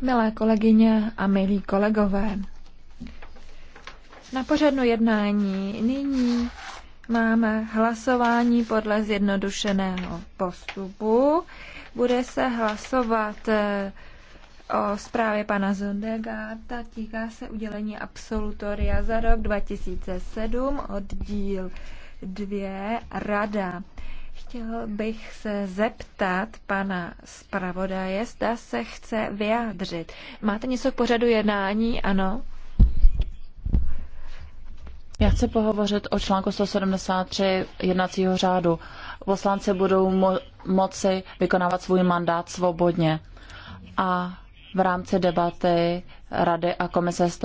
Milé kolegyně a milí kolegové, na pořadnu jednání nyní máme hlasování podle zjednodušeného postupu. Bude se hlasovat eh, o zprávě pana Zondegáta týká se udělení absolutoria za rok 2007 oddíl 2 Rada. Chtěl bych se zeptat pana zpravodaje, zda se chce vyjádřit. Máte něco k pořadu jednání? Ano. Já chci pohovořit o článku 173 jednacího řádu. Poslanci budou mo- moci vykonávat svůj mandát svobodně. A v rámci debaty Rady a komise jste